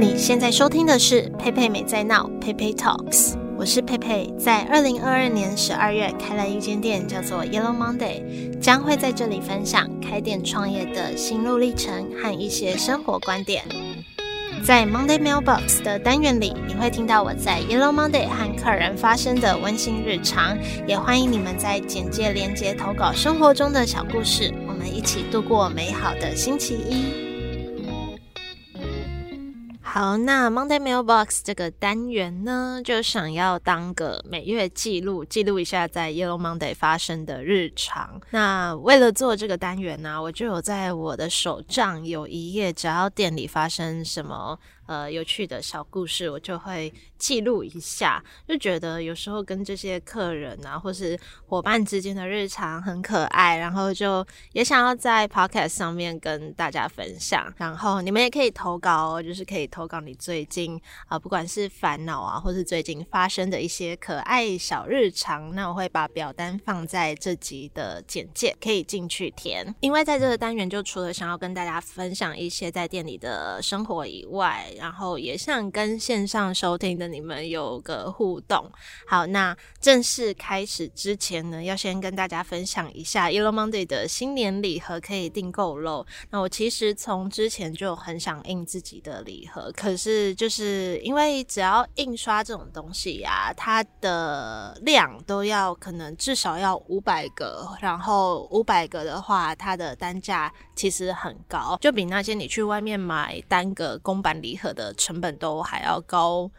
你現在收聽的是佩佩沒在鬧佩佩 Talks，我是佩佩，在二零二二年十二月開了一間店，叫做 Yellow Monday，將會在這裡分享開店創業的心路歷程和一些生活觀點。在 Monday Mailbox 的單元裡，你會聽到我在 Yellow Monday 和客人發生的溫馨日常，也歡迎你們在簡介連結投稿生活中的小故事，我們一起度過美好的星期一。好，那 Monday Mailbox 這個單元呢，就想要當個每月記錄，記錄一下在 Yellow Monday 發生的日常。那為了做這個單元呢、啊，我就有在我的手賬有一頁，只要店裡發生什麼。呃，有趣的小故事我就會記錄一下，就覺得有時候跟這些客人啊，或是夥伴之間的日常很可愛，然後就也想要在 Podcast 上面跟大家分享。然後你們也可以投稿哦，就是可以投稿你最近啊、呃，不管是煩惱啊，或是最近發生的一些可愛小日常。那我會把表單放在這集的簡介，可以進去填。因為在這個單元，就除了想要跟大家分享一些在店裡的生活以外，然後也想跟線上收聽的你們有個互動。好，那正式開始之前呢，要先跟大家分享一下 Yellow Monday 的新年禮盒，可以訂購嘍哦。那我其實從之前就很想印自己的禮盒，可是就是因為只要印刷這種東西啊，它的量都要可能至少要五百個，然後五百個的話，它的單價其實很高，就比那些你去外面買單個公版禮盒的成本都還要高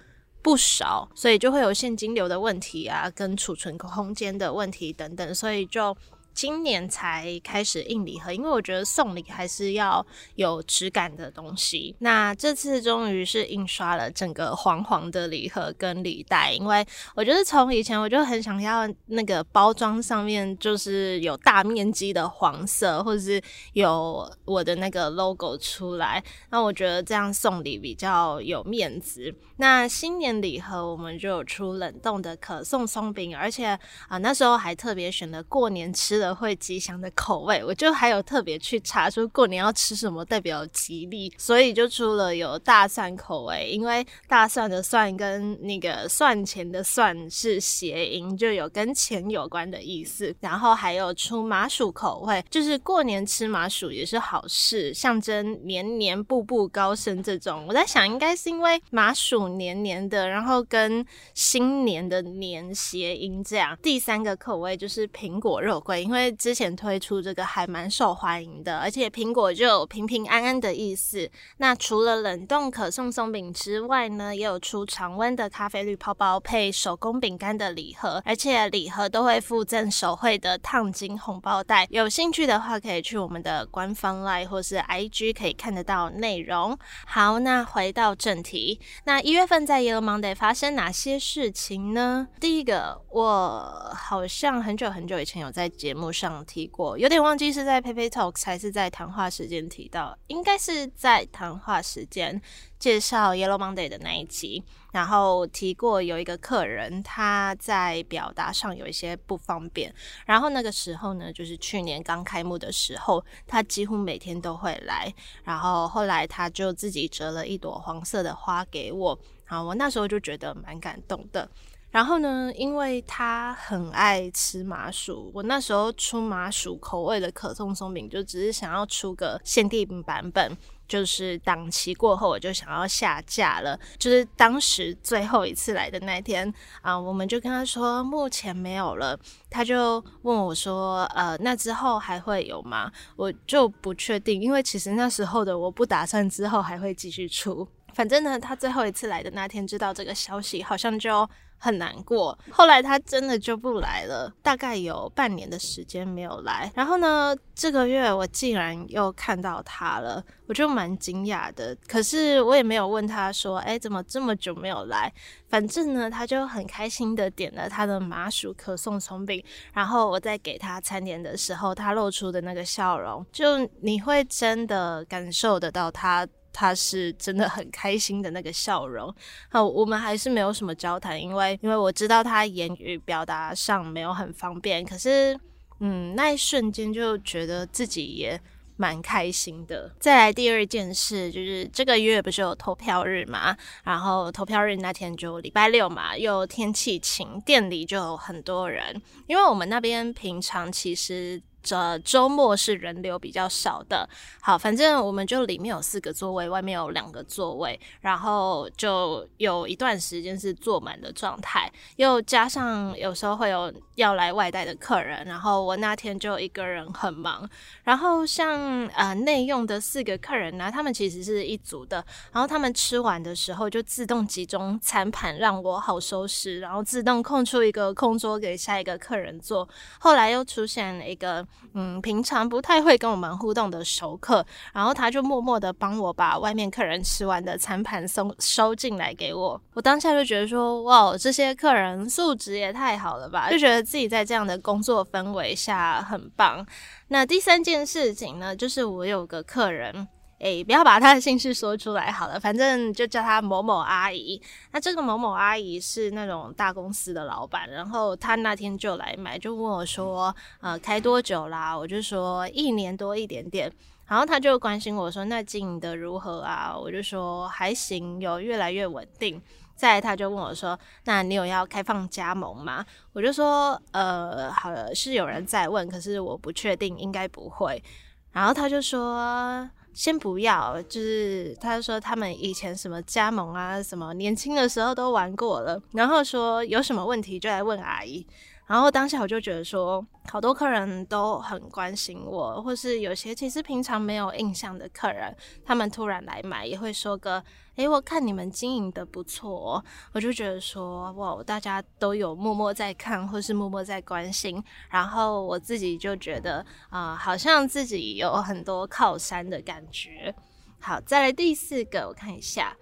不少，所以就會有現金流的問題啊，跟儲存空間的問題等等，所以就，今年才開始印禮盒，因為我覺得送禮還是要有質感的東西。那這次終於是印刷了整個黃黃的禮盒跟禮袋，因為我覺得從以前我就很想要那個包裝上面就是有大面積的黃色，或者是有我的那個 logo 出來。那我覺得這樣送禮比較有面子。那新年禮盒我們就有出冷凍的可頌鬆餅，而且啊、呃、那時候還特別選了過年吃。的會吉祥的口味，我就還有特別去查說過年要吃什麼代表吉利，所以就出了有大蒜口味，因為大蒜的蒜跟那個算錢的算是諧音，就有跟錢有關的意思。然後還有出麻薯口味，就是過年吃麻薯也是好事，象徵年年步步高升這種。我在想，應該是因為麻薯黏黏的，然後跟新年的年諧音這樣。第三個口味就是蘋果肉桂。因為之前推出這個還蠻受歡迎的，而且蘋果就有平平安安的意思。那除了冷凍可頌鬆餅之外呢，也有出常溫的咖啡綠泡包配手工餅乾的禮盒，而且禮盒都會附贈手繪的燙金紅包袋。有興趣的話，可以去我們的官方 Line 或是 IG 可以看得到內容。好，那回到正題，那一月份在 Yellow Monday 發生哪些事情呢？第一個，我好像很久很久以前有在節目。上提過，有點忘記是在 PeiPei Talks, 還是在談話食間提到，應該是在談話食間介紹 Yellow Monday 的那一集，然後提過有一個客人他在表達上有一些不方便，然後那個時候呢，就是去年剛開幕的時候，他幾乎每天都會來，然後後來他就自己折了一朵黃色的花給我，然後我那時候就覺得蠻感動的。然後呢，因為他很愛吃麻薯，我那時候出麻薯口味的可頌鬆餅，就只是想要出個限定版本，就是檔期過後我就想要下架了。就是當時最後一次來的那天啊，呃，我們就跟他說目前沒有了，他就問我說，呃，那之後還會有嗎？我就不確定，因為其實那時候的我不打算之後還會繼續出。反正呢，他最後一次來的那天知道這個消息，好像就很難過。後來他真的就不來了，大概有半年的時間沒有來。然後呢，這個月我竟然又看到他了，我就蠻驚訝的。可是我也沒有問他說：“哎、欸，怎麼這麼久沒有來？”反正呢，他就很開心的點了他的麻薯可頌鬆餅。然後我在給他餐點的時候，他露出的那個笑容，就你會真的感受得到他。他是真的很開心的那個笑容。好，我們還是沒有什麼交談，因為因為我知道他言語表達上沒有很方便。可是，嗯，那一瞬間就覺得自己也蠻開心的。再來第二件事，就是這個月不是有投票日嘛？然後投票日那天就禮拜六嘛，又天氣晴，店裡就有很多人，因為我們那邊平常其實。呃，週末是人流比較少的。好，反正我們就裡面有四個座位，外面有兩個座位，然後就有一段時間是坐滿的狀態。又加上有時候會有要來外帶的客人，然後我那天就一個人很忙。然後像呃內用的四個客人呢、啊，他們其實是一組的，然後他們吃完的時候就自動集中餐盤讓我好收拾，然後自動空出一個空桌給下一個客人坐。後來又出現一個。嗯，平常不太會跟我們互動的熟客，然後他就默默的幫我把外面客人吃完的餐盤送收進來給我。我當下就覺得說，哇，這些客人素質也太好了吧，就覺得自己在這樣的工作氛圍下很棒。那第三件事情呢，就是我有個客人，哎、欸，不要把他的姓氏說出來好了，反正就叫他某某阿姨。那這個某某阿姨是那種大公司的老板，然後他那天就來買，就問我說：“呃，開多久啦？”我就說：“一年多一點點。”然後他就關心我說：“那經營的如何啊？”我就說：“還行，有越來越穩定。”再來他就問我說：“那你有要開放加盟嗎？”我就說：“呃，好了，是有人在問，可是我不確定，應該不會。”然後他就說。先不要，就是他說他們以前什麼加盟啊，什麼年輕的時候都玩過了，然後說有什麼問題就來問阿姨。然後當下我就覺得說，好多客人都很關心我，或是有些其實平常沒有印象的客人，他們突然來買也會說個，誒，我看你們經營的不錯哦，我就覺得說，哇，大家都有默默在看，或是默默在關心。然後我自己就覺得，啊，呃，好像自己有很多靠山的感覺。好，再來第四個，我看一下。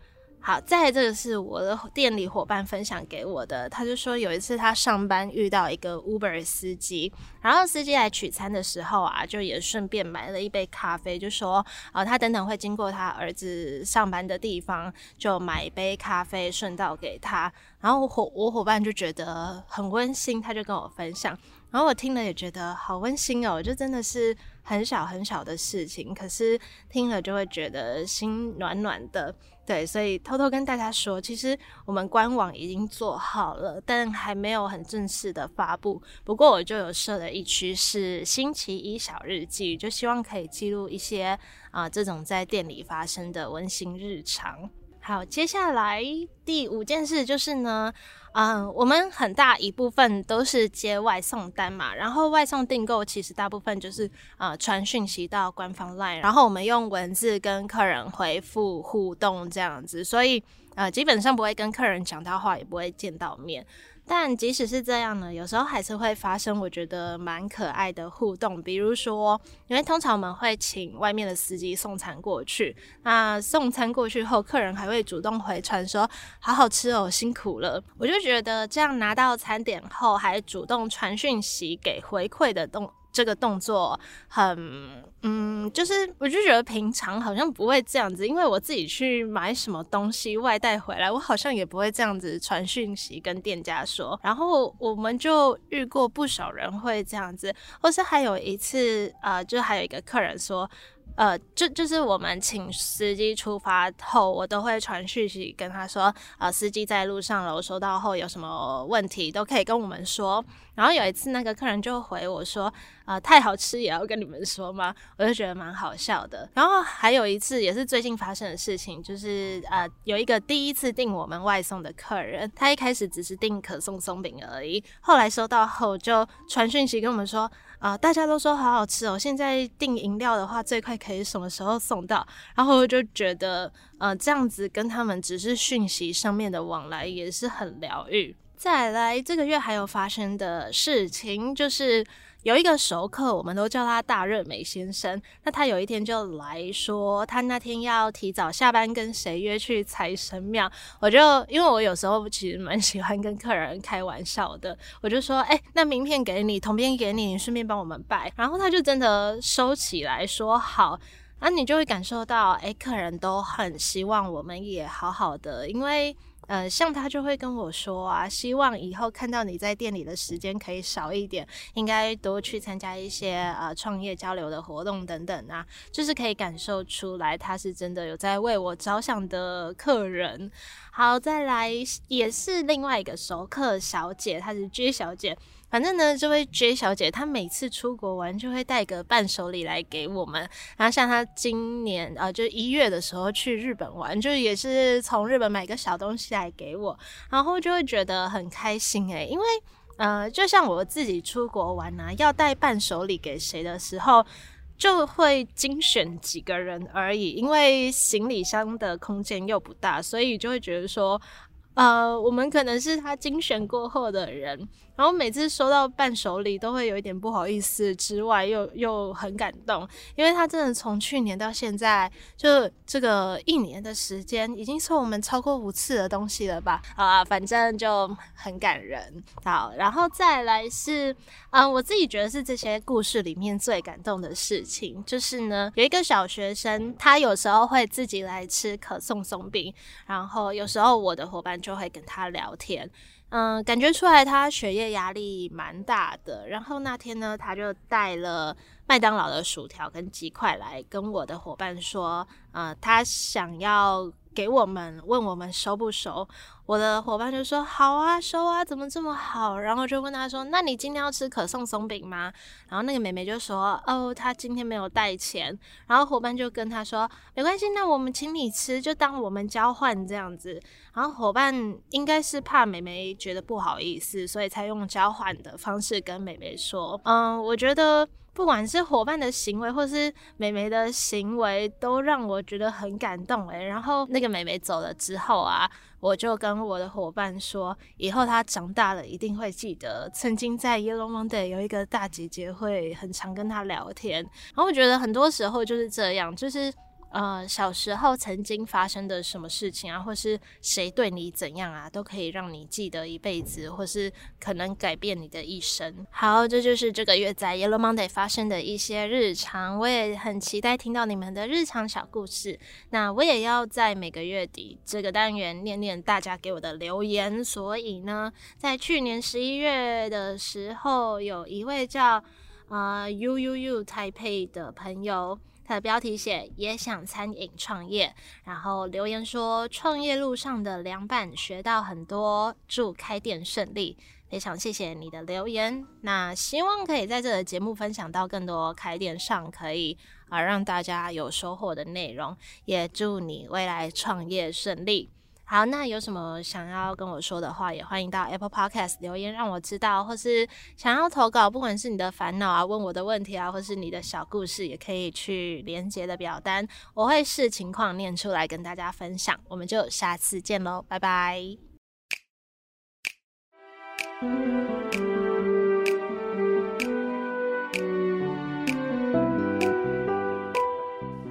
好，再這個是我的店裡夥伴分享給我的。他就說有一次他上班遇到一個 Uber 司機，然後司機來取餐的時候啊，就也順便買了一杯咖啡，就說哦，他等等會經過他兒子上班的地方，就買一杯咖啡順道給他。然後我夥我夥伴就覺得很溫馨，他就跟我分享，然後我聽了也覺得好溫馨哦，就真的是很小很小的事情，可是聽了就會覺得心暖暖的。對，所以偷偷跟大家說，其實我們官網已經做好了，但還沒有很正式的發布。不過我就有設了一區是星期一小日記，就希望可以記錄一些啊、呃、這種在店裡發生的溫馨日常。好，接下來第五件事就是呢，嗯、呃，我們很大一部分都是接外送單嘛，然後外送訂購其實大部分就是呃傳訊息到官方 LINE，然後我們用文字跟客人回復互動這樣子，所以呃基本上不會跟客人講到話，也不會見到面。但即使是這樣呢，有時候還是會發生我覺得蠻可愛的互動。比如說，因為通常我們會請外面的司機送餐過去，那送餐過去後，客人還會主動回傳說“好好吃哦，辛苦了”。我就覺得這樣拿到餐點後，還主動傳訊息給回饋的動。這個動作很，嗯，就是我就覺得平常好像不會這樣子，因為我自己去買什麼東西外帶回來，我好像也不會這樣子傳訊息跟店家說。然後我們就遇過不少人會這樣子，或是還有一次，呃，就還有一個客人說。呃，就就是我們請司機出發後，我都會傳訊息跟他說，啊、呃，司機在路上了。收到後有什麼問題都可以跟我們說。然後有一次那個客人就回我說，啊、呃，太好吃也要跟你們說嗎？我就覺得蠻好笑的。然後還有一次也是最近發生的事情，就是呃，有一個第一次訂我們外送的客人，他一開始只是訂可頌鬆餅而已，後來收到後就傳訊息跟我們說。啊、呃！大家都說好好吃哦、喔。現在訂飲料的話，最快可以什麼時候送到？然後我就覺得，呃，這樣子跟他們只是訊息上面的往來，也是很療癒。再來，這個月還有發生的事情，就是。有一個熟客，我們都叫他大熱美先生。那他有一天就來說，他那天要提早下班，跟誰約去財神廟。我就因為我有時候其實蠻喜歡跟客人開玩笑的，我就說：“誒、欸，那名片給你，銅片給你，你順便幫我們拜。”然後他就真的收起來說好。那、啊、你就會感受到，誒、欸，客人都很希望我們也好好的，因為。呃，像他就會跟我說啊，希望以後看到你在店裡的時間可以少一點，應該多去參加一些呃創業交流的活動等等啊，就是可以感受出來他是真的有在為我着想的客人。好，再來也是另外一個熟客小姐，她是 J 小姐。反正呢，這位 J 小姐她每次出國玩就會帶個伴手禮來給我們。然後像她今年啊、呃，就一月的時候去日本玩，就也是從日本買個小東西來給我，然後就會覺得很開心誒、欸。因為呃，就像我自己出國玩啊，要帶伴手禮給誰的時候，就會精選幾個人而已，因為行李箱的空間又不大，所以就會覺得說，呃，我們可能是她精選過後的人。然後每次收到伴手禮，都會有一點不好意思之外，又又很感動，因為他真的從去年到現在，就這個一年的時間，已經送我們超過五次的東西了吧？啊，反正就很感人。好，然後再來是，嗯，我自己覺得是這些故事裡面最感動的事情，就是呢，有一個小學生，他有時候會自己來吃可頌鬆餅，然後有時候我的夥伴就會跟他聊天。嗯，感覺出來他學業壓力蠻大的。然後那天呢，他就帶了麥當勞的薯條跟雞塊來，跟我的夥伴說，呃、嗯，他想要給我們，問我們熟不熟。我的伙伴就說：“好啊，收啊，怎麼這麼好？”然後就問他說：“那你今天要吃可頌鬆餅嗎？”然後那個妹妹就說：“哦，她今天沒有帶錢。”然後伙伴就跟他說：“沒關係，那我們請你吃，就當我們交換這樣子。”然後伙伴應該是怕妹妹覺得不好意思，所以才用交換的方式跟妹妹說：“嗯，我覺得不管是伙伴的行為，或是妹妹的行為，都讓我覺得很感動誒。”然後那個妹妹走了之後啊。我就跟我的夥伴說，以後他長大了一定會記得，曾經在 Yellow Monday 有一個大姐姐會很常跟他聊天，然後我覺得很多時候就是這樣，就是。呃，小時候曾經發生的什麼事情啊，或是誰對你怎樣啊，都可以讓你記得一輩子，或是可能改變你的一生。好，這就是這個月在 Yellow Monday 發生的一些日常。我也很期待聽到你們的日常小故事。那我也要在每個月底這個單元念念大家給我的留言。所以呢，在去年十一月的時候，有一位叫。啊、uh，u u u，台北的朋友，他的標題寫也想餐飲創業，然後留言說，創業路上的涼拌學到很多，祝開店順利。非常謝謝你的留言。那希望可以在這個節目分享到更多開店上可以啊讓大家有收穫的內容，也祝你未來創業順利。好，那有什麼想要跟我說的話，也歡迎到 Apple Podcast 留言，讓我知道，或是想要投稿，不管是你的煩惱啊、問我的問題啊，或是你的小故事，也可以去連結的表單，我會視情況唸出來跟大家分享。我們就下次見嘍，拜拜。